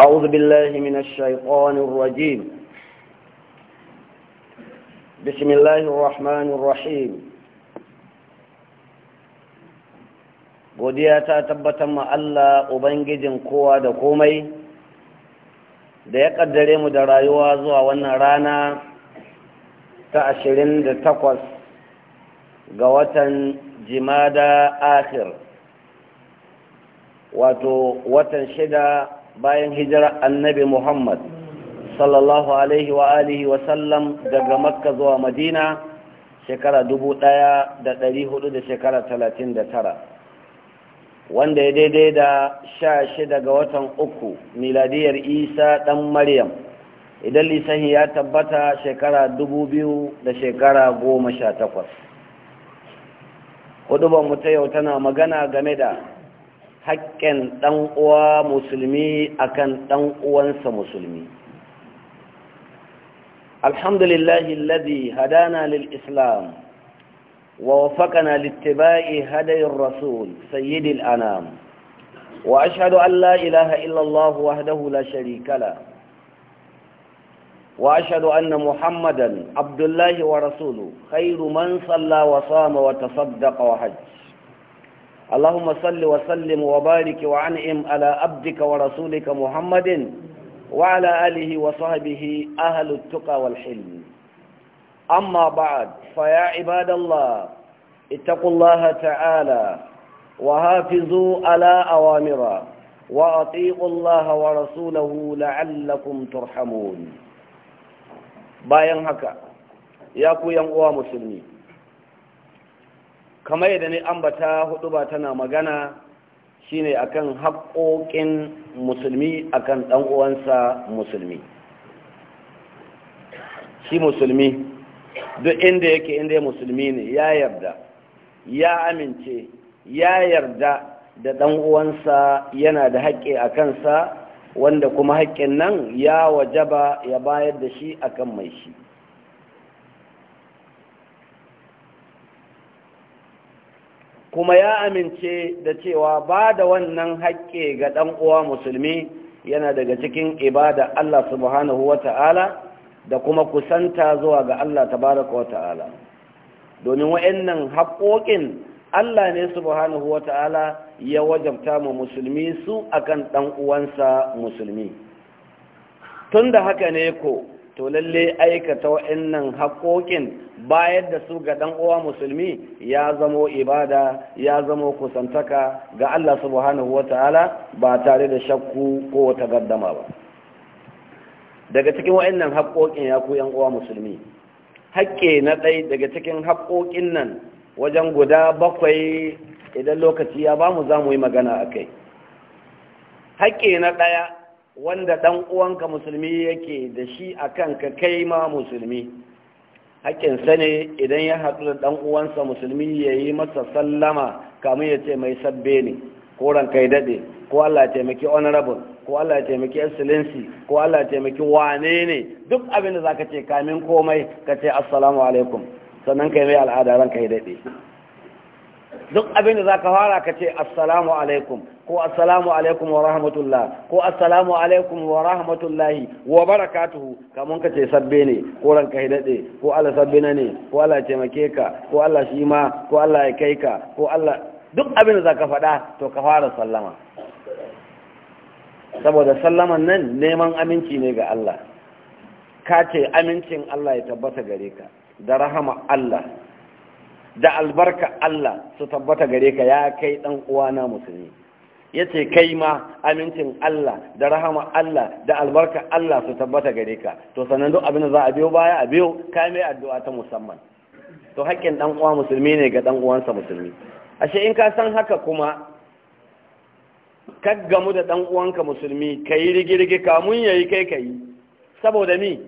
أعوذ بالله من الشيطان الرجيم بسم الله الرحمن الرحيم godiya ta tabbatar ma Allah Ubangijin kowa da komai da ya ƙaddare mu da rayuwa zuwa wannan rana ta ashirin da takwas ga watan jimada akhir wato watan shida bayan hijirar annabi Muhammad sallallahu alaihi wa alihi wa sallam daga makka zuwa madina shekara dubu ɗaya da dari hudu da shekara talatin da tara wanda ya daidai da sha shida ga watan uku miladiyar isa ɗan maryam idan lisani ya tabbata shekara dubu biyu da shekara goma sha takwas hudu mu ta yau tana magana game da haƙƙen ɗan’uwa musulmi akan kan ɗan’uwansa musulmi. Alhamdulillah, Lazi hadana lil’Islam, wa wafaka na littaba’i hadayin Rasul, Sayyidil Anam, wa ashadu Allah ilaha illallah wa hadahula sharikala, wa ashadu anna Muhammadan, Abdullahi wa Rasulu, khairu man sallah wa sama wa tasaddaqa wa hajji. اللهم صل وسلم وبارك وعنئم على عبدك ورسولك محمد وعلى آله وصحبه أهل التقى والحلم أما بعد فيا عباد الله اتقوا الله تعالى وحافظوا على أوامره وأطيعوا الله ورسوله لعلكم ترحمون باين هكا يا كو يا مسلمين kamar yadda ne ambata hudu ba tana magana shine akan haƙoƙin musulmi akan ɗan uwansa musulmi shi musulmi duk inda yake inda ya musulmi ne ya yarda ya amince ya yarda da ɗan uwansa yana da haƙƙi a kansa wanda kuma haƙƙin nan ya wajaba ya bayar da shi akan mai shi kuma ya amince da cewa ba da wannan haƙƙe ga ɗan uwa musulmi yana daga cikin ibada Allah subhanahu wa ta'ala da kuma kusanta zuwa ga Allah tabaraka wa ta'ala domin wa'annan haƙoƙin Allah ne subhanahu wa ta'ala ya wajabta mu musulmi su akan ɗan uwansa musulmi tun da haka ne ko to lalle aikata wa'annan haƙoƙin bayar da su ga uwa musulmi ya zamo ibada ya zamo kusantaka ga Allah subhanahu wata'ala ba tare da shakku ko wata gaddama ba daga cikin wa'annan haƙoƙin ya ku uwa musulmi haƙƙe na ɗai daga cikin haƙoƙin nan wajen guda bakwai idan lokaci ya ba mu za mu yi magana a kai haƙƙe na ɗaya wanda ɗan uwanka musulmi yake da shi a kanka kai ma musulmi haƙƙinsa ne idan ya haɗu da ɗan uwansa musulmi ya yi masa sallama kamun ya ce mai sabbe ne ko ran kai daɗe ko Allah taimaki honorable ko Allah taimaki excellency ko Allah taimaki wane ne duk abin da za ka ce kamin komai ka ce assalamu alaikum sannan kai mai al'ada ranka daɗe duk abin da za ka fara ka ce assalamu alaikum ko assalamu alaikum wa rahmatullah ko assalamu alaikum wa rahmatullahi wa barakatuhu kamun ka ce sabbe ne ko ranka hidade ko Allah sabbe ne ko Allah taimake ka ko Allah shi ma ko Allah ya kai ka ko Allah duk abin da zaka faɗa to ka fara sallama saboda sallaman nan neman aminci ne ga Allah ka ce amincin Allah ya tabbata gare ka da rahama Allah da albarka Allah su tabbata gare ka ya kai dan uwana musulmi ya ce kai ma amincin Allah da rahama Allah da albarka Allah su tabbata gare ka to sannan duk abin da za a biyo baya a biyo kai mai addu'a ta musamman to haƙƙin dan uwa musulmi ne ga dan uwansa musulmi ashe in ka san haka kuma ka gamu da dan uwanka musulmi kai rigirgi kamun yayi kai kai saboda mi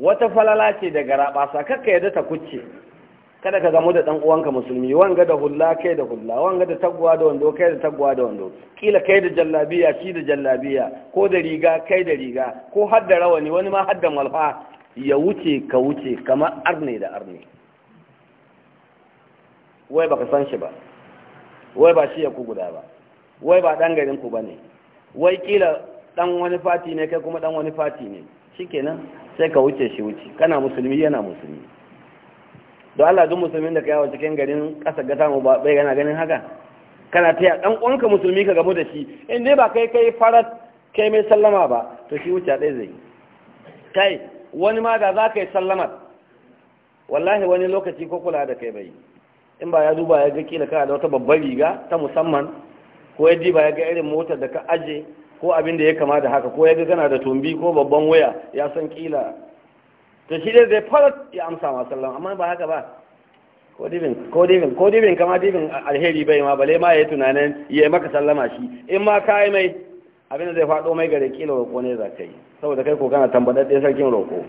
wata falala ce daga sa kakka yadda ta kucce kada ka gamu da dan uwanka musulmi wanga da hulla kai da hulla wanga da tagwa da wando kai da tagwa da wando kila kai da jallabiya shi da jallabiya ko da riga kai da riga ko har da rawani wani ma har da malfa ya wuce ka wuce kamar arne da arne wai baka san shi ba wai ba shi ya ku guda ba wai ba dan garin ku bane wai kila dan wani fati ne kai kuma dan wani fati ne shikenan sai ka wuce shi wuce kana musulmi yana musulmi da Allah duk musulmin da ka cikin garin ƙasa ga samu ba bai gana ganin haka kana taya dan uwanka musulmi ka gamu da shi in dai ba kai kai farat kai mai sallama ba to shi wuce dai zai kai wani ma da za yi sallama wallahi wani lokaci ko kula da kai bai in ba ya duba ya ga kila kana da wata babbar riga ta musamman ko ya ba ya ga irin motar da ka aje ko abin da ya kama da haka ko ya ga kana da tumbi ko babban waya ya san kila ta shi dai zai ya amsa ma sallama amma ba haka ba ko dibin ko dibin kama dibin alheri bai ma bale ma yayi tunanin ya yi maka sallama shi in ma yi mai abinda zai faɗo mai gare kila roƙo ne za yi saboda kai ko kana tambadadde sarkin roƙo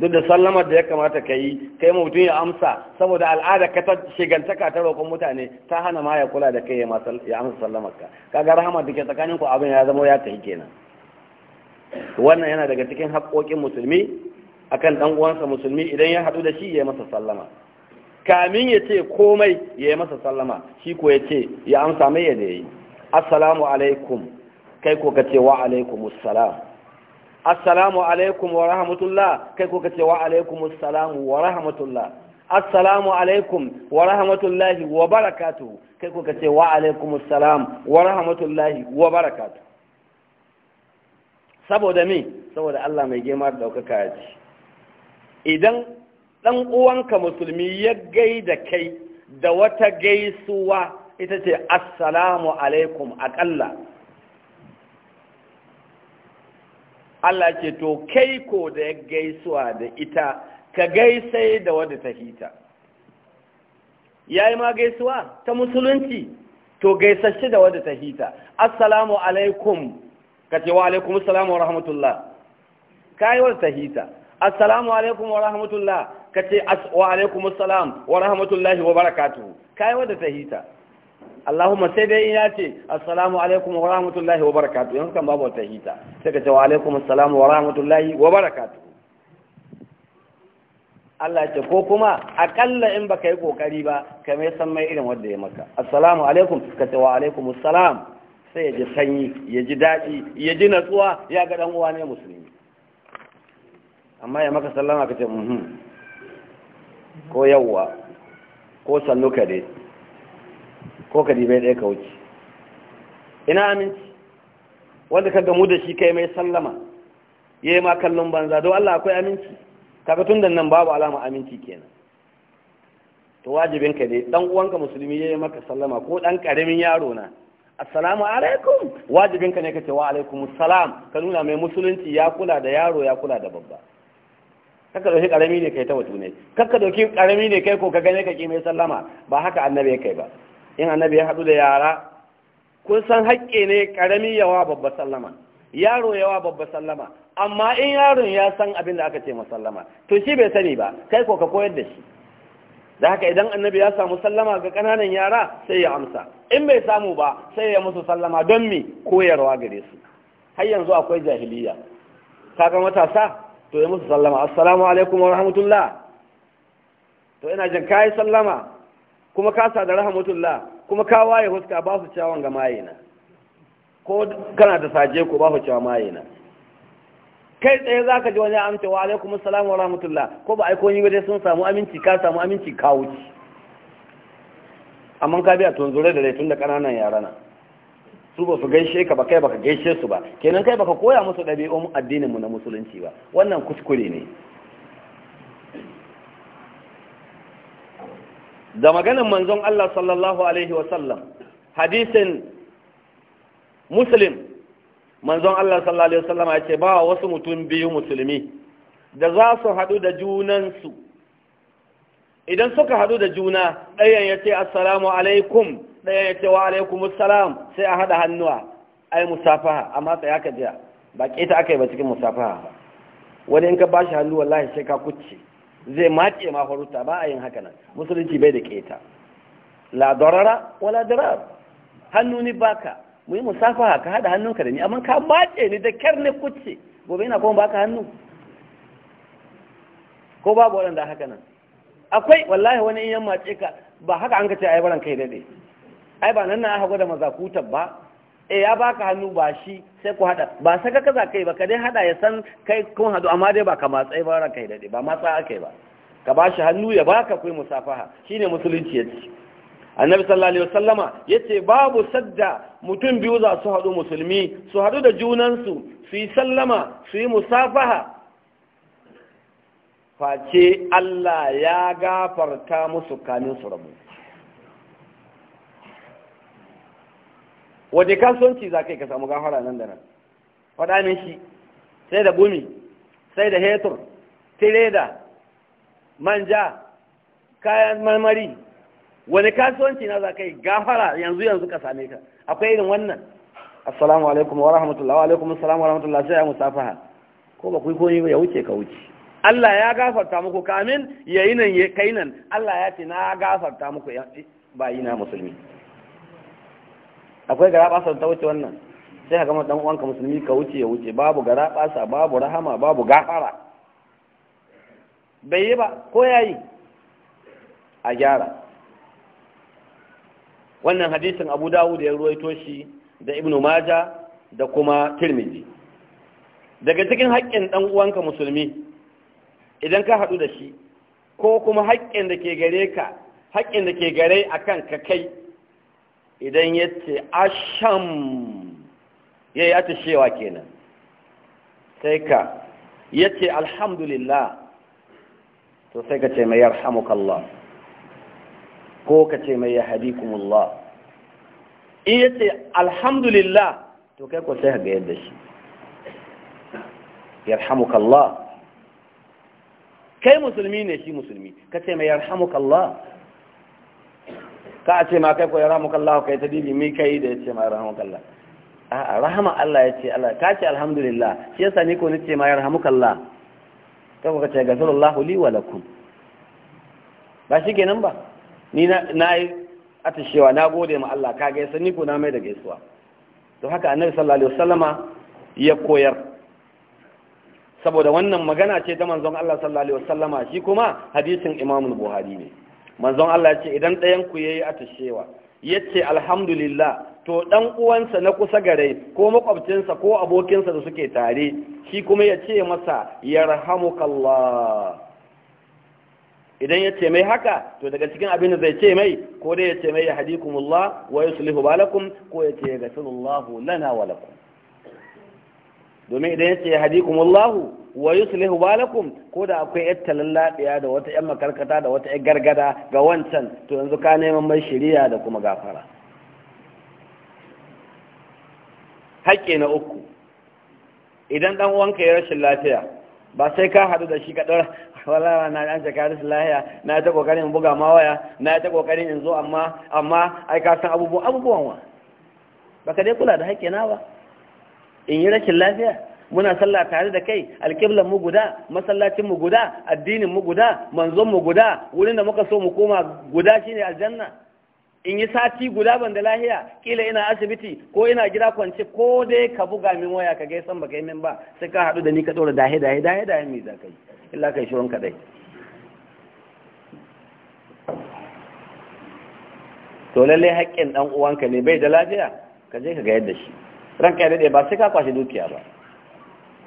duk da sallamar da ya kamata ka yi kai mutum ya amsa saboda al'ada ka ta shigantaka ta roƙon mutane ta hana ma ya kula da kai ya amsa sallamar ka kaga rahama da ke tsakanin ku abin ya zama ya tafi kenan wannan yana daga cikin haƙoƙin musulmi akan dan uwansa musulmi idan ya hadu da shi ya masa sallama kamin ya ce komai ya yi masa sallama shi ko ya ce ya amsa mai yadda ya yi assalamu alaikum kai ko ka ce wa alaikumussalam assalamu alaikum wa rahmatullah kai ko ka ce wa alaikumussalam wa rahmatullah assalamu alaikum wa rahmatullahi wa barakatuh kai ko ka ce wa alaikumussalam wa rahmatullahi wa barakatuh saboda me saboda Allah mai girma da daukaka ya ce idan ɗan uwanka musulmi ya gaida kai da wata gaisuwa ita ce assalamu alaikum aƙalla Allah ce to kai ko da ya gaisuwa da ita ka gaisai da wadda ta hita ya yi ma gaisuwa ta musulunci to gaisashe da wadda ta hita assalamu alaikum ka ce wa alaikum assalamu wa rahmatullah ka yi wadda ta hita assalamu alaikum wa rahmatullah ka ce wa alaikum assalam wa rahmatullahi wa barakatuhu kai wadda ta hita Allahumma sai dai ya ce assalamu alaikum wa rahmatullahi wa barakatuhu yanzu kan babu ta hita sai ka ce wa alaikum assalam wa rahmatullahi wa barakatuhu Allah ce ko kuma akalla in baka yi kokari ba ka mai san mai irin wanda ya maka assalamu alaikum ka ce wa alaikum assalam sai ya ji sanyi ya ji daɗi ya ji natsuwa ya ga dan uwa ne musulmi amma ya maka sallama ka ce muhim ko yawwa ko sannu ka dai ko ka dibe ɗaya ka wuce ina aminci wanda ka gamu da shi kai mai sallama ya yi ma kallon banza don Allah akwai aminci kaga tun da nan babu alama aminci kenan to wajibin ka dai dan uwanka musulmi ya yi maka sallama ko dan karamin yaro na assalamu alaikum wajibin ka ne ka ce wa alaikumus salam ka nuna mai musulunci ya kula da yaro ya kula da babba kaka dauki karami ne kai ta wato ne kaka dauki karami ne kai ko ka gane ka ki mai sallama ba haka annabi ya kai ba in annabi ya hadu da yara kun san haƙƙe ne karami yawa babba sallama yaro yawa babba sallama amma in yaron ya san abin da aka ce sallama. to shi bai sani ba kai ko ka koyar da shi da haka idan annabi ya samu sallama ga kananan yara sai ya amsa in bai samu ba sai ya musu sallama don mi koyarwa gare su har yanzu akwai jahiliya kaga matasa to ya musu sallama assalamu alaikum wa rahmatullah to ina jin kayi sallama kuma ka sa da rahmatullah kuma ka waye huska ba su cawon ga mayina ko kana da saje ko ba su cewa mayina kai tsaye za ka ji wani amsa wa alaikum assalamu wa rahmatullah ko ba aiko yi wadai sun samu aminci ka samu aminci ka wuce amma ka biya tunzure da rai tun da ƙananan yara na su ba su gaishe ka ba kai baka gaishe su ba kenan kai baka koya musu ɗabi'un addininmu na musulunci ba wannan kuskure ne da maganin manzon Allah sallallahu alaihi wasallam hadisin muslim manzon Allah sallallahu alaihi wasallam ya ce ba wasu mutum biyu musulmi da za su haɗu da junansu idan suka haɗu da juna ɗayan ya ce assalamu alaikum ɗayan ya ce wa alaikumussalam sai a haɗa hannuwa yi musafaha amma tsaya ka jiya ba ƙeta aka yi ba cikin musafaha ba wani in ka ba shi hannu wallahi sai ka kucce zai mace ma faruta ba a yin haka nan musulunci bai da ƙeta la darara wala darar hannu ni baka mu yi musafaha ka haɗa hannunka da ni amma ka mace ni da kyar ne kucce gobe ina kuma baka hannu ko babu waɗanda haka nan akwai wallahi wani in yan ka ba haka an ka ce ai baran kai dade ai ba nan na aka gwada mazakutan ba eh ya baka hannu ba shi sai ku hada ba saka kaza kai ba ka dai hada ya san kai kun hadu amma dai ba ka matsayi ba ran kai dade ba matsa akai ba ka bashi hannu ya baka kai musafaha shine musulunci yace annabi sallallahu alaihi wasallama yace babu sadda mutum biyu za su hadu musulmi su hadu da junansu su yi sallama su yi musafaha face Allah ya gafarta musu kamin su rabu waje kasuwanci za kai ka samu gafara nan da nan faɗa shi sai da gumi sai da hetur tireda manja kayan marmari wani kasuwanci na za kai gafara yanzu yanzu ka same ka akwai irin wannan assalamu alaikum wa rahmatullahi wa alaikum assalamu wa rahmatullahi sai ya musafaha ko ba ku yi ba ya wuce ka wuce Allah ya gafarta muku kamin ya yi nan ya kai nan Allah ya ce na gafarta muku ya bayi na musulmi akwai gara basa ta wuce wannan sai ka gama dan uwanka musulmi ka wuce ya wuce babu gara basa babu rahama babu gafara bai yi ba ko yayi a gyara wannan hadisin abu dawud ya ruwaito shi da ibnu maja da kuma tirmidhi daga cikin haƙƙin dan uwanka musulmi idan ka haɗu da shi ko kuma haƙƙin da ke gare ka haƙƙin da ke gare a kan ka kai idan ya ce asham ya yi atashewa kenan sai ka ya ce alhamdulillah to sai ka ce mai yarhamukallah ko ka ce mai yahdikumullah in ya ce alhamdulillah to kai ko sai ka yadda shi yarhamukallah kai musulmi ne shi musulmi ka ce mai yarhamuka kalla? ka a ce ma kai ko yarhamuka kalla? kai ta dibi mai kai da ya ce ma yarhamuka kalla. a'a rahama Allah ya ce Allah ka ce alhamdulillah shi yasa ni ko ni ce ma yarhamuka Allah kai ko ka ce gafirullahu li wa lakum ba shi kenan ba ni na yi atishewa na gode ma Allah ka gaisa ni ko na mai da gaisuwa to haka annabi sallallahu alaihi wasallama ya koyar saboda wannan magana ce ta manzon Allah sallallahu alaihi wasallama shi kuma hadisin Imam Buhari ne manzon Allah ya ce idan ɗayan ku yayi atashewa yace alhamdulillah to dan uwansa na kusa gare ko makwabcinsa ko abokinsa da suke tare shi kuma ya ce masa yarhamukallah idan ya ce mai haka to daga cikin abin da zai ce mai ko dai ya ce mai ya hadikumullah wa yuslihu balakum ko ya ce ya gasilullahu lana wa lakum domin idan ya ce wallahu wa lehu balakum ko da akwai yar talallaɗiya da wata yan makarkata da wata yan gargada ga wancan to yanzu ka neman mai shirya da kuma gafara haƙƙi na uku idan ɗan uwanka ya rashin lafiya ba sai ka haɗu da shi ka ɗora wala na an jaka rashin lafiya na ta kokarin buga ma waya na ta kokarin in zo amma amma ai ka san abubuwan abubuwan wa baka dai kula da haƙƙi na ba in yi rashin lafiya muna sallah tare da kai alƙiblar mu guda masallacin mu guda addinin mu guda manzon mu guda wurin da muka so mu koma guda shine aljanna in yi sati guda ban da lahiya kila ina asibiti ko ina gida kwance ko dai ka buga min waya ka gaisan baka yi min ba sai ka haɗu da ni ka tsora dahe dahe dahe dahe mai za ka yi illa kai shirin ka dai to lallai haƙƙin ɗan uwanka ne bai da lafiya ka je ka ga yadda shi ranka ya daɗe ba sai ka kwashe dukiya ba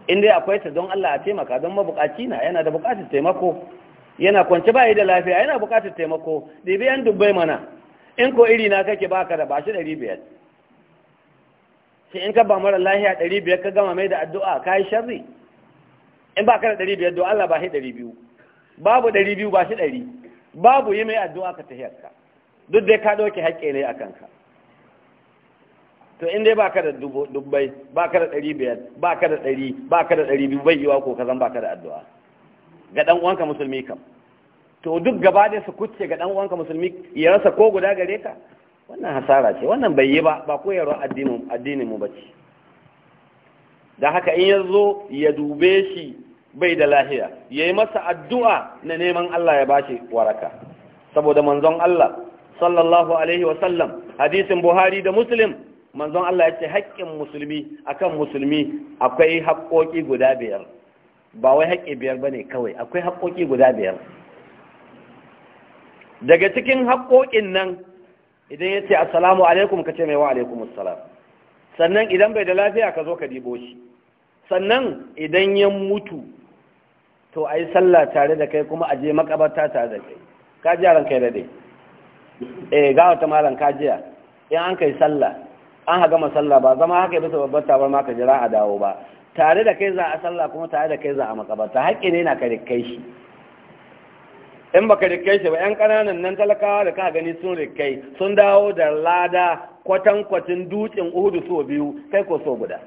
in dai akwai ta don Allah a taimaka don mabukaci na yana da bukatar taimako yana kwance ba yi da lafiya yana bukatar taimako bi yan dubbai mana in ko iri na kake baka da bashi ɗari biyar sai in ka ba mara lahiya ɗari biyar ka gama mai da addu'a ka yi sharri in ba ka da ɗari biyar don Allah ba shi ɗari biyu babu ɗari biyu ba shi ɗari babu yi mai addu'a ka tahiyarka duk dai ka ɗauke haƙƙi ne a kanka to in dai baka da dubbai baka da ɗari biyar baka da ɗari baka da ɗari biyu bai yiwa ko ka zan ka da addu'a ga ɗan uwanka musulmi kam to duk gaba da su kucce ga ɗan uwanka musulmi ya rasa ko guda gare ka wannan hasara ce wannan bai yi ba ba koyarwa addinin addini mu bace da haka in ya zo ya dube shi bai da lahiya ya yi masa addu'a na neman Allah ya bashi waraka saboda manzon Allah sallallahu alaihi wasallam hadisin Buhari da Muslim manzon Allah ya ce haƙƙin musulmi akan musulmi akwai haƙƙoƙi guda biyar ba wai haƙƙi biyar bane kawai akwai haƙƙoƙi guda biyar daga cikin haƙƙoƙin nan idan ya ce assalamu alaikum ka ce mai wa alaikum assalam sannan idan bai da lafiya ka zo ka dibo shi sannan idan ya mutu to a yi sallah tare da kai kuma a je makabarta tare da kai ka ji kai da dai eh ga wata malam ka jiya in an kai sallah an haga masalla ba zama haka bisa babbar tabarma ka jira a dawo ba tare da kai za a sallah kuma tare da kai za a makabarta haƙƙi ne na ka rikai shi in baka rikai shi ba yan ƙananan nan talakawa da ka gani sun rikai sun dawo da lada kwatan kwatin dutsen uhudu so biyu kai ko so guda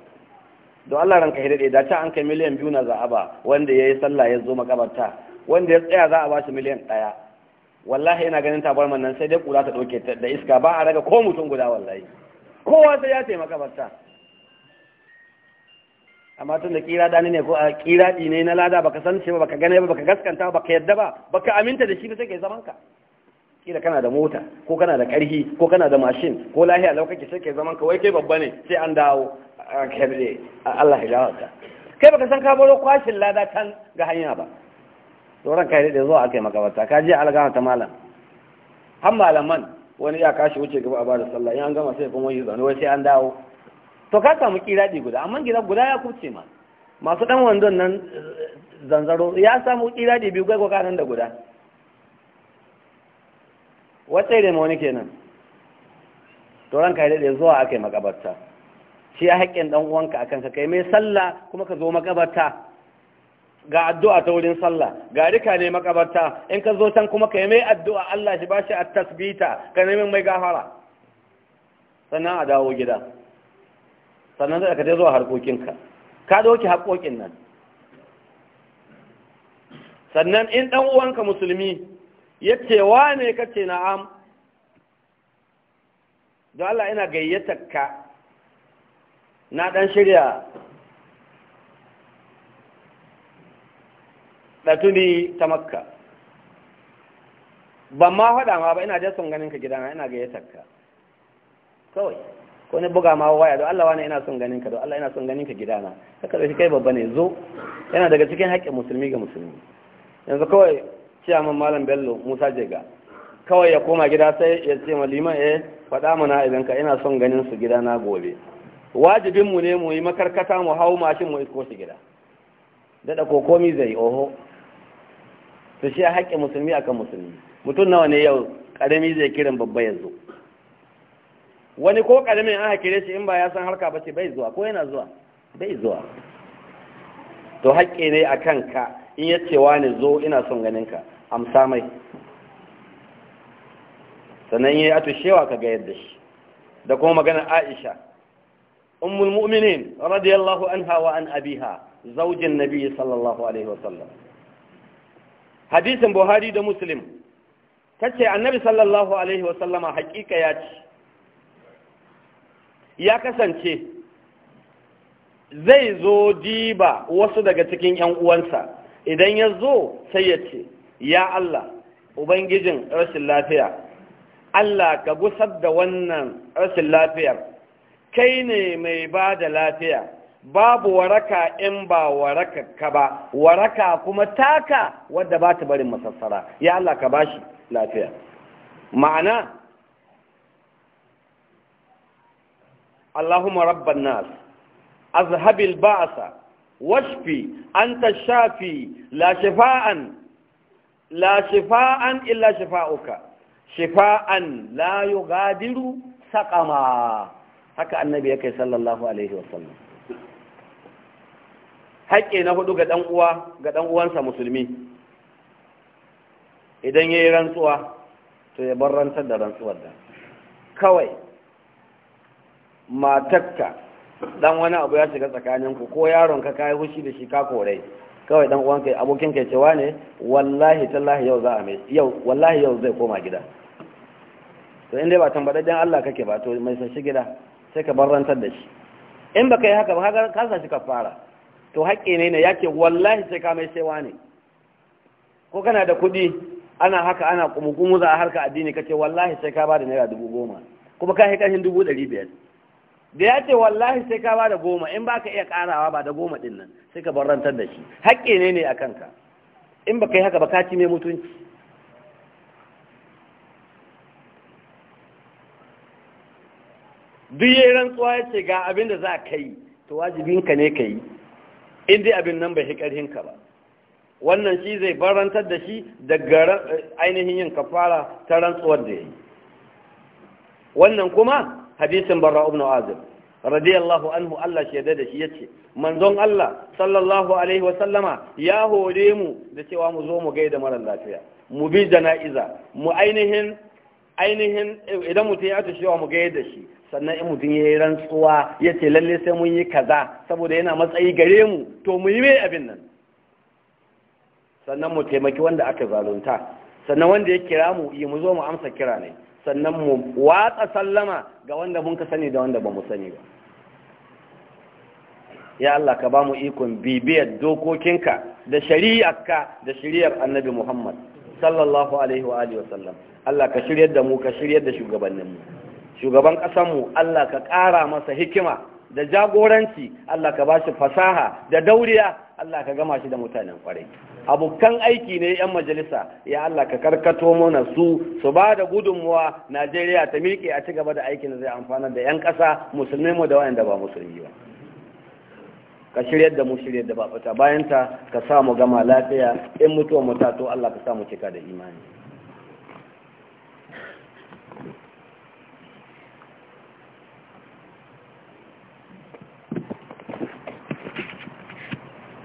don Allah ranka hidade da ta an kai miliyan biyu na za'aba wanda ya yi sallah ya zo makabarta wanda ya tsaya za a ba shi miliyan ɗaya wallahi yana ganin tabarman nan sai dai kula ta ɗauke da iska ba a raga ko mutum guda wallahi kowa sai ya taimaka basta amma tun da kira dani ne ko a kira ne na lada baka san shi ba baka gane ba baka gaskanta ba baka yadda ba baka aminta da shi ba sai kai zaman ka kila kana da mota ko kana da karhi ko kana da mashin ko lahiya lau kake sai kai zaman ka wai kai babba ne sai an dawo a kabe Allah ya jawarta kai baka san ka baro kwashin lada kan ga hanya ba doron kai da zuwa akai makabarta ka je algama ta malam har malaman wani ya kashi wuce gaba a bada sallah in an gama sai kuma yi zaune wai sai an dawo to ka samu kiradi guda amma gida guda ya kuce ma masu dan wandon nan eh, zanzaro ya samu kiradi biyu gagwa kanan da guda wata da ma wani kenan to ranka ya daɗe zuwa aka yi makabarta shi ya haƙƙin dan uwanka akan ka kai mai sallah kuma ka zo makabarta ga addu'a ta wurin sallah ga rika ne makabarta in ka zo can kuma ka yi mai addu'a Allah shi ba shi a tasbita ka nemi mai gafara sannan a dawo gida sannan zai ka zuwa harkokinka ka dauki haƙoƙin nan sannan in ɗan uwanka musulmi ya ce wa ne ka ce na'am don Allah ina gayyata ka na ɗan shirya ta tuni ta makka ban ma faɗa ma ba ina da son ganin ka gidana ina gayyatar ka kawai ko ne buga ma waya don Allah wani ina son ganin ka don Allah ina son ganin ka gidana haka da kai babba ne zo yana daga cikin haƙƙin musulmi ga musulmi yanzu kawai ciyaman malam bello musa jega kawai ya koma gida sai ya ce ma liman eh faɗa mana idan ka ina son ganin su gidana gobe wajibinmu ne mu yi makarkata mu hau mashin mu isko shi gida daɗa ko komi zai oho to shi haƙƙin musulmi akan musulmi mutum nawa ne yau ƙarami zai kiran babba yanzu? wani ko ƙaramin an hakire shi in ba ya san harka ba ce bai zuwa ko yana zuwa bai zuwa to haƙƙi ne a kanka in ya ce wani zo ina son ganinka amsa mai sannan yi ato shewa ka ga yadda shi da kuma maganar aisha ummul mu'minin radiyallahu anha wa an abiha zaujin nabi sallallahu alaihi wasallam hadisin buhari da muslim ta ce annabi sallallahu alaihi wasallama hakika ya ce ya kasance zai zo diba wasu daga cikin ‘yan uwansa idan ya zo sai ya ce ya Allah ubangijin rashin lafiya Allah ka gusar da wannan rashin lafiyar kai ne mai ba da lafiya babu waraka in ba waraka ka ba waraka kuma taka wadda ba ta barin masassara ya Allah ka bashi lafiya ma'ana Allahumma rabban nas azhabil ba'sa washfi anta shafi la shifaan la shifaan illa shifauka shifaan la yughadiru saqama haka annabi yake sallallahu alaihi wasallam haƙƙi na hudu ga ɗan uwa ga ɗan uwansa musulmi idan ya yi rantsuwa to ya bar rantsar da rantsuwar da kawai matakka ɗan wani abu ya shiga tsakaninku ko yaron ka kai hushi da shi ka korai kawai ɗan uwan kai abokin kai cewa ne wallahi tallahi yau za a mai yau wallahi yau zai koma gida to in dai ba tambadaddan Allah kake ba to mai sashi gida sai ka barrantar da shi in baka yi haka ba ka sa shi kafara to haƙƙi ne ne yake wallahi sai ka mai saiwa ne ko kana da kuɗi ana haka ana kumukumu za a harka addini kace wallahi sai ka bada naira dubu goma kuma ka hin dubu ɗari biyar da ya ce wallahi sai ka bada goma in ba ka iya ƙarawa ba da goma ɗin nan sai ka barantar da shi haƙƙi ne ne a kanka in ba ka yi haka ba ka ci mai mutunci duk yi rantsuwa ya ce ga abin da za ka yi to wajibinka ne ka yi in dai abin nan bai hi ƙarhinka ba wannan shi zai barantar da shi daga ainihin yin kafara ta rantsuwar da ya yi wannan kuma hadisin barra ibn azim radiyallahu anhu Allah shaida da shi yace manzon Allah sallallahu alaihi wa sallama ya hore mu da cewa mu zo mu gaida mara lafiya mu bi jana'iza mu ainihin ainihin idan mutum ya tashi cewa mu gaida shi sannan in mutum ya yi rantsuwa ya ce lalle sai mun yi kaza saboda yana matsayi gare mu to mu yi mai abin nan sannan mu taimaki wanda aka zalunta sannan wanda ya kira mu yi mu zo mu amsa kira ne sannan mu watsa sallama ga wanda mun ka sani da wanda ba mu sani ba ya Allah ka ba mu ikon bibiyar dokokinka da shari'arka da shari'ar annabi Muhammad sallallahu alaihi wa alihi sallam Allah ka shiryar da mu ka shiryar da shugabanninmu shugaban ƙasanmu Allah ka ƙara masa hikima da jagoranci Allah ka bashi fasaha da dauriya Allah ka gama shi da mutanen kwarai abokan aiki ne 'yan majalisa ya Allah ka karkato mana su su ba da gudunmuwa Najeriya ta miƙe a ci gaba da aikin da zai amfana da 'yan ƙasa musulmi mu da wayanda ba musulmi ba ka shiryar da mu shiryar da ba fita bayan ka sa mu gama lafiya in mutuwa mu tato Allah ka sa mu cika da imani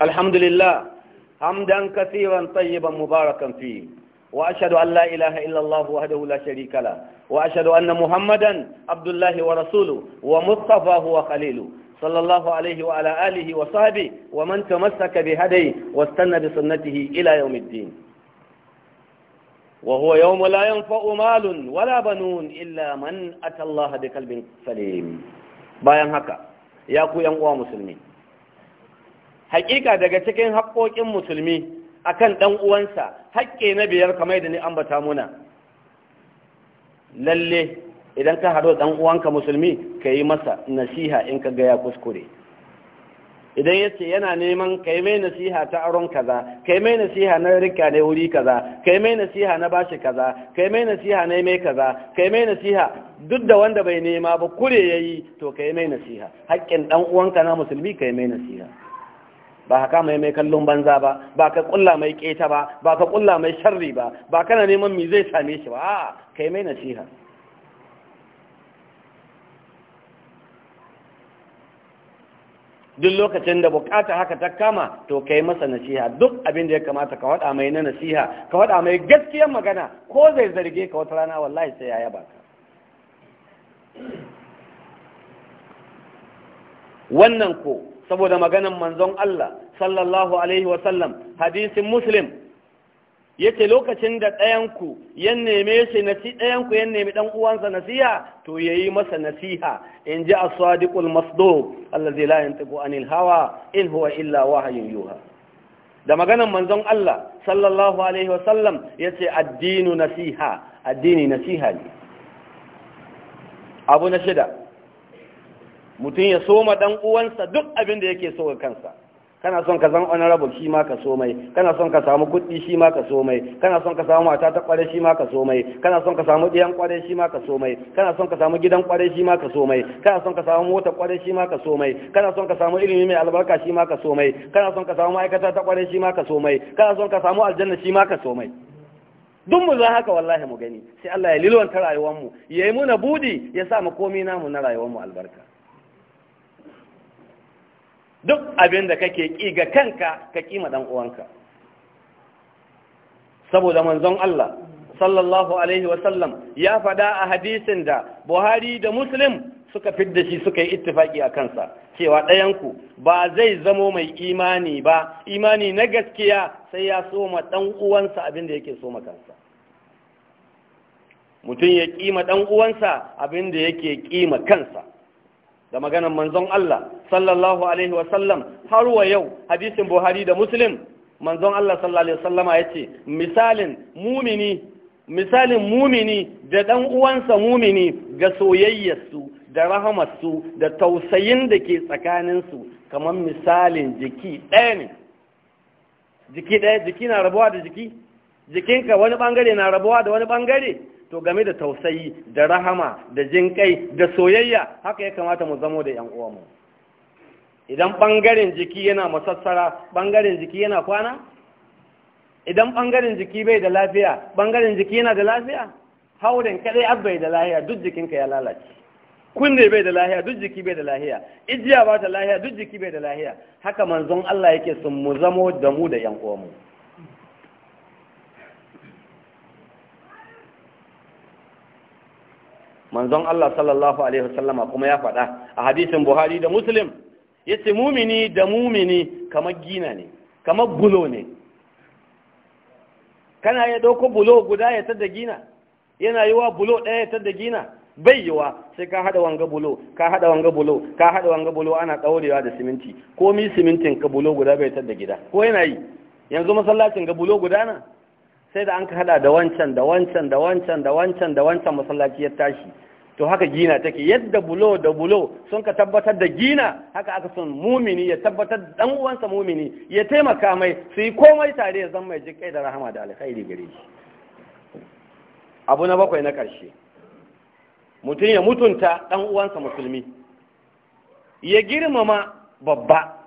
alhamdulillah hamdan katsiran tayyiban mubarakan fi wa ashhadu an la ilaha illa allah wahdahu la sharika la wa ashhadu anna muhammadan abdullahi ila yawmiddin وهو يوم لا ينفع مال ولا بنون الا hakika daga cikin haƙoƙin musulmi akan ɗan uwansa haƙƙe na biyar kamar da ni ambata muna lalle idan ka haɗo ɗan uwanka musulmi ka yi masa nasiha in ka gaya kuskure idan ya ce yana neman ka yi mai nasiha ta aron kaza ka yi mai nasiha na rika ne wuri kaza ka yi mai nasiha na bashi kaza ka yi mai nasiha na mai kaza ka yi mai nasiha duk da wanda bai nema ba kure ya yi to ka yi mai nasiha haƙƙin ɗan uwanka na musulmi ka yi mai nasiha ba ka kama mai kallon banza ba ba ka kulla mai keta ba ba ka kulla mai sharri ba ba kana neman mi zai same shi ba a kai mai nasiha duk lokacin da bukata haka ta kama to kai masa nasiha duk abin da ya kamata ka wada mai na nasiha ka wada mai gaskiyar magana ko zai zarge ka wata rana wallahi sai ya yaba ka wannan ko saboda maganan manzon Allah sallallahu alaihi wasallam hadisin muslim yace lokacin da ɗayanku yan neme shi nasi ɗayanku ya nemi ɗan uwansa nasiha to yayi masa nasiha in ji as-sadiqul Allah allazi la yantiqu anil hawa in huwa illa wahyun yuha da maganan manzon Allah sallallahu alaihi wa sallam yace addinu nasiha addini nasiha ne abu na shida mutum ya soma dan uwansa duk abin da yake so ga kansa kana son ka zama honorable shi ma ka so mai kana son ka samu kuɗi shi ma ka so mai kana son ka samu mata ta kware shi ma ka so mai kana son ka samu ɗiyan kware shi ma ka so mai kana son ka samu gidan kware shi ma ka so mai kana son ka samu mota kware shi ma ka so mai kana son ka samu ilimi mai albarka shi ma ka so mai kana son ka samu ma'aikata ta kware shi ma ka so mai kana son ka samu aljanna shi ma ka so mai duk mu za haka wallahi mu gani sai Allah ya lilwanta rayuwar mu yayi muna budi ya sa mu komai namu na rayuwar mu albarka duk abin da kake ƙi ga kanka ka ƙima ɗan uwanka saboda manzon Allah sallallahu alaihi wasallam ya faɗa a hadisin da Buhari da Muslim suka fidda shi suka yi ittifaki a kansa cewa ɗayanku ba zai zamo mai imani ba imani na gaskiya sai ya soma ɗan uwansa abin da yake soma kansa mutum ya ƙima ɗan uwansa abin da yake ƙima kansa da maganan manzon Allah sallallahu alaihi wasallam har wa yau hadisin Buhari da Muslim manzon Allah sallallahu alaihi wasallama yace misalin mumini misalin mumini da dan uwansa mumini ga soyayyarsu da rahamarsu da tausayin da ke tsakaninsu kamar misalin jiki ɗaya ne jiki ɗaya jiki na rabuwa da jiki jikinka wani bangare na rabuwa da wani bangare to game da tausayi da rahama da jinƙai da soyayya haka ya kamata mu zamo da ‘yan uwanmu idan ɓangaren jiki yana masassara ɓangaren jiki yana kwana idan ɓangaren jiki bai da lafiya ɓangaren jiki yana da lafiya hauren kaɗai bai da lahiya duk jikinka ya lalace kunne bai da lahiya duk jiki bai da lahiya ijiya ba ta lahiya duk jiki bai da lahiya haka manzon Allah yake sun mu zamo da mu da ‘yan uwanmu manzon Allah sallallahu alaihi wasallama kuma ya faɗa a hadisin Buhari da Muslim yace mumini da mumini kamar gina ne kamar bulo ne kana ya dauko bulo guda ya tada gina yana yiwa bulo ɗaya ya tada gina bai yiwa sai ka hada wanga bulo ka hada wanga bulo ka hada wanga bulo ana daurewa da siminti komi simintin ka bulo guda bai tada gida ko yana yi yanzu masallacin ga bulo guda na sai da an ka hada da wancan da wancan da wancan da wancan da wancan masallaci ya tashi to haka gina take yadda bulo da bulo sun ka tabbatar da gina haka aka sun mumini ya tabbatar da dan uwansa mumini ya taimaka mai su yi komai tare ya zama mai jikai da rahama da alkhairi gare shi abu na bakwai na ƙarshe mutum ya mutunta dan uwansa musulmi ya girmama babba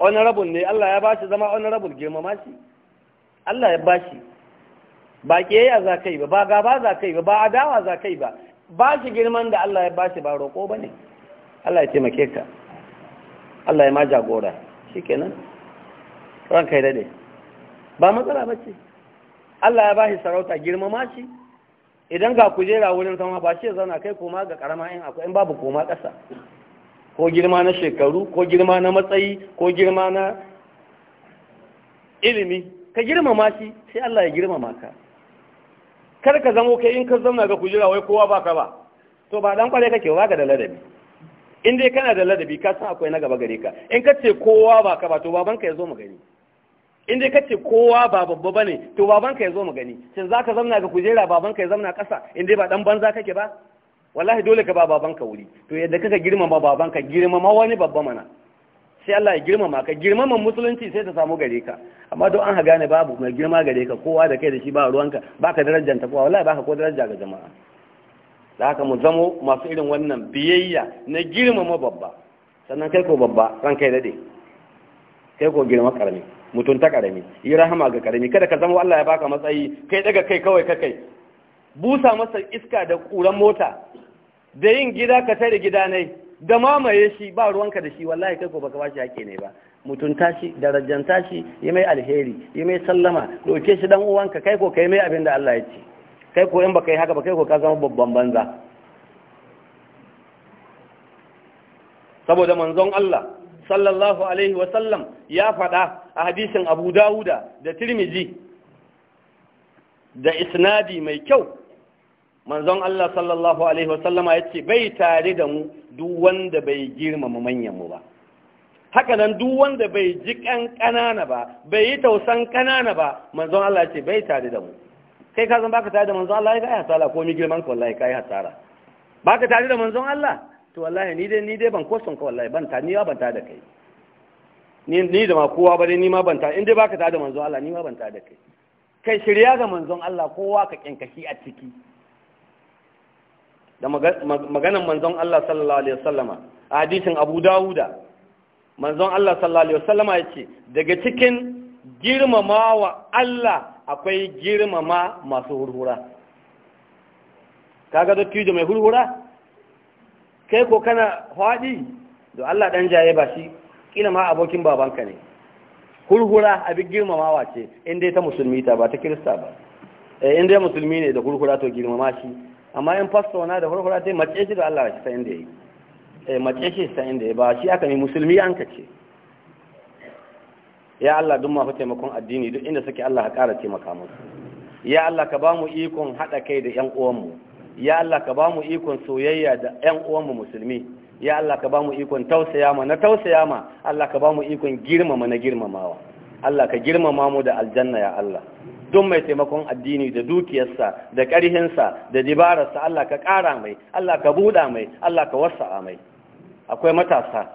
honorable ne Allah ya ba shi zama honorable girmama shi Allah ya bashi ba kiyayya za kai ba ba gaba za kai ba ba adawa za kai ba ba shi girman da Allah ya bashi ba roƙo ba ne Allah ya taimake ka Allah ya ma jagora shi kenan ranka kai dade ba matsala ba ce Allah ya bashi sarauta girmama shi idan ga kujera wurin sama ba shi ya zauna kai koma ga karama in akwai in babu koma ƙasa ko girma na shekaru ko girma na matsayi ko girma na ilimi ka girmama shi sai Allah ya girmama ka kar ka zamo kai in ka zauna ga kujira wai kowa baka ba to ba dan kware kake ba ka da ladabi in dai kana da ladabi ka san akwai na gaba gare ka in ka ce kowa baka ba to baban ka ya zo mu gani in dai ka ce kowa ba babba bane to baban ka ya zo mu gani shin zaka zauna ga kujera baban ka ya zauna kasa in dai ba dan banza kake ba wallahi dole ka ba baban ka wuri to yadda kaka girmama baban ka girmama wani babba mana sai Allah ya girmama ka girmaman musulunci sai ta samu gare ka amma don an haga ne babu mai girma gare ka kowa da kai da shi ba ruwanka baka darajar ta kowa wallahi baka ko daraja ga jama'a da haka mu zamo masu irin wannan biyayya na girmama babba sannan kai ko babba ran kai dade kai ko girma karami mutunta karami yi rahama ga karami kada ka zama Allah ya baka matsayi kai daga kai kawai ka kai busa masa iska da kuran mota da yin gida ka tare nai. da mamaye shi ba ruwanka da shi wallahi kai ko baka bashi hake ne ba mutunta shi darajanta shi yi mai alheri yi mai sallama doke shi dan uwanka kai ko kai mai abin da Allah ya ce kai ko in baka yi haka ba kai ko ka zama babban banza saboda manzon Allah sallallahu alaihi wa sallam ya faɗa a hadisin Abu Dawuda da Tirmidhi da isnadi mai kyau manzon Allah sallallahu alaihi wasallama ya ce bai tare da mu duk wanda bai girmama manyanmu ba haka nan duk wanda bai ji kan ƙanana ba bai yi tausan ƙanana ba manzon Allah ya ce bai tare da mu kai ka zan baka tare da manzon Allah ya kai hasara ko mi girman ka wallahi kai hasara baka tare da manzon Allah to wallahi ni dai ni dai ban kosan ka wallahi ban ta ni ban ta da kai ni ni da ma kowa ba ni ma ban ta in dai baka tare da manzon Allah ni ma ban ta da kai kai shirya ga manzon Allah kowa ka kinkashi a ciki da maganan manzon Allah sallallahu alaihi wasallama a hadisin Abu Dawuda manzon Allah sallallahu alaihi wasallama yace daga cikin girmamawa Allah akwai girmama masu hurhura kaga da mai hurhura kai ko kana haɗi? da Allah dan jaye ba shi kila ma abokin babanka ne hurhura abin girmamawa ce in dai ta musulmi ta ba ta kirista ba eh, in dai musulmi ne da hurhura to girmama shi amma in fasto na da hurhura dai mace shi da Allah shi san inda yayi eh mace shi san inda yayi ba shi aka ne musulmi an ka ce ya Allah duk mafi taimakon addini duk inda suke Allah ka ƙara taimaka musu ya Allah ka ba mu ikon haɗa kai da uwan uwanmu ya Allah ka ba mu ikon soyayya da uwan uwanmu musulmi ya Allah ka ba mu ikon tausaya ma na tausaya ma Allah ka ba mu ikon girmama na girmamawa Allah ka girmama mu da aljanna ya Allah duk mai taimakon addini da dukiyarsa da ƙarhinsa da dibararsa Allah ka ƙara mai Allah ka buɗa mai Allah ka wasa'a mai akwai matasa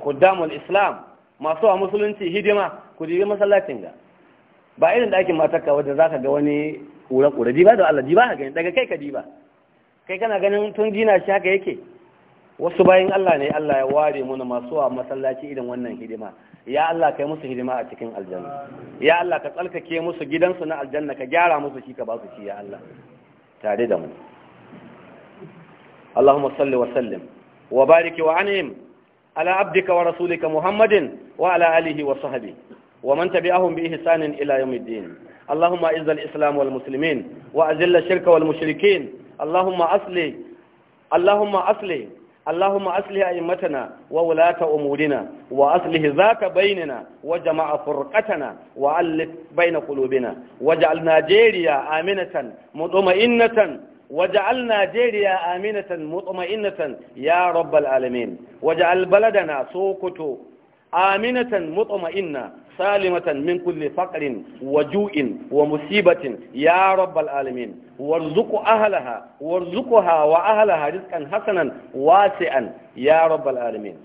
kuddamul islam masu wa musulunci hidima ku ji masallacin ga ba irin ɗakin matarka wajen za ka ga wani ƙura-ƙura diba da Allah diba ka gani daga kai ka diba kai kana ganin tun gina shi haka yake wasu bayan Allah ne Allah ya ware muna masu a masallaci irin wannan hidima ya Allah kai musu hidima a cikin aljanna ya Allah ka tsalkake musu gidansu na aljanna ka gyara musu shi ka ba su shi ya Allah tare da mu Allahumma salli wa sallim wa bariki wa anhum ala abdika wa rasulika Muhammadin wa ala alihi wa sahbihi wa man tabi'ahum bi ihsanin ila yawmiddin Allahumma izz al-islam wal muslimin wa azil ash-shirka wal mushrikeen Allahumma asli Allahumma asli اللهم أصلح أئمتنا وولاة أمورنا وأصلح ذاك بيننا وجمع فرقتنا وألف بين قلوبنا واجعل نيجيريا آمنة مطمئنة واجعل نيجيريا آمنة مطمئنة يا رب العالمين واجعل بلدنا سوكتو آمنة مطمئنة سالمة من كل فقر وجوء ومصيبة يا رب العالمين وارزق أهلها وارزقها وأهلها رزقا حسنا واسعا يا رب العالمين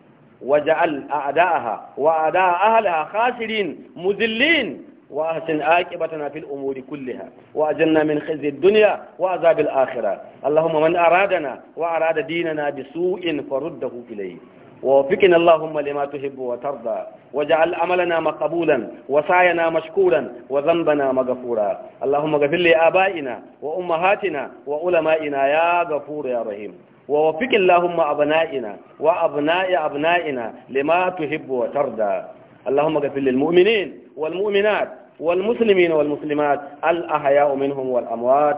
وجعل أعداءها وأعداء أهلها خاسرين مذلين وأحسن عاقبتنا في الأمور كلها وأجلنا من خزي الدنيا وعذاب الآخرة اللهم من أرادنا وأراد ديننا بسوء فرده إليه ووفقنا اللهم لما تحب وترضى واجعل عملنا مقبولا وسعينا مشكورا وذنبنا مغفورا اللهم اغفر لآبائنا وأمهاتنا وعلمائنا يا غفور يا رحيم ووفق اللهم أبنائنا وأبناء أبنائنا لما تحب وترضى اللهم اغفر للمؤمنين والمؤمنات والمسلمين والمسلمات الأحياء منهم والأموات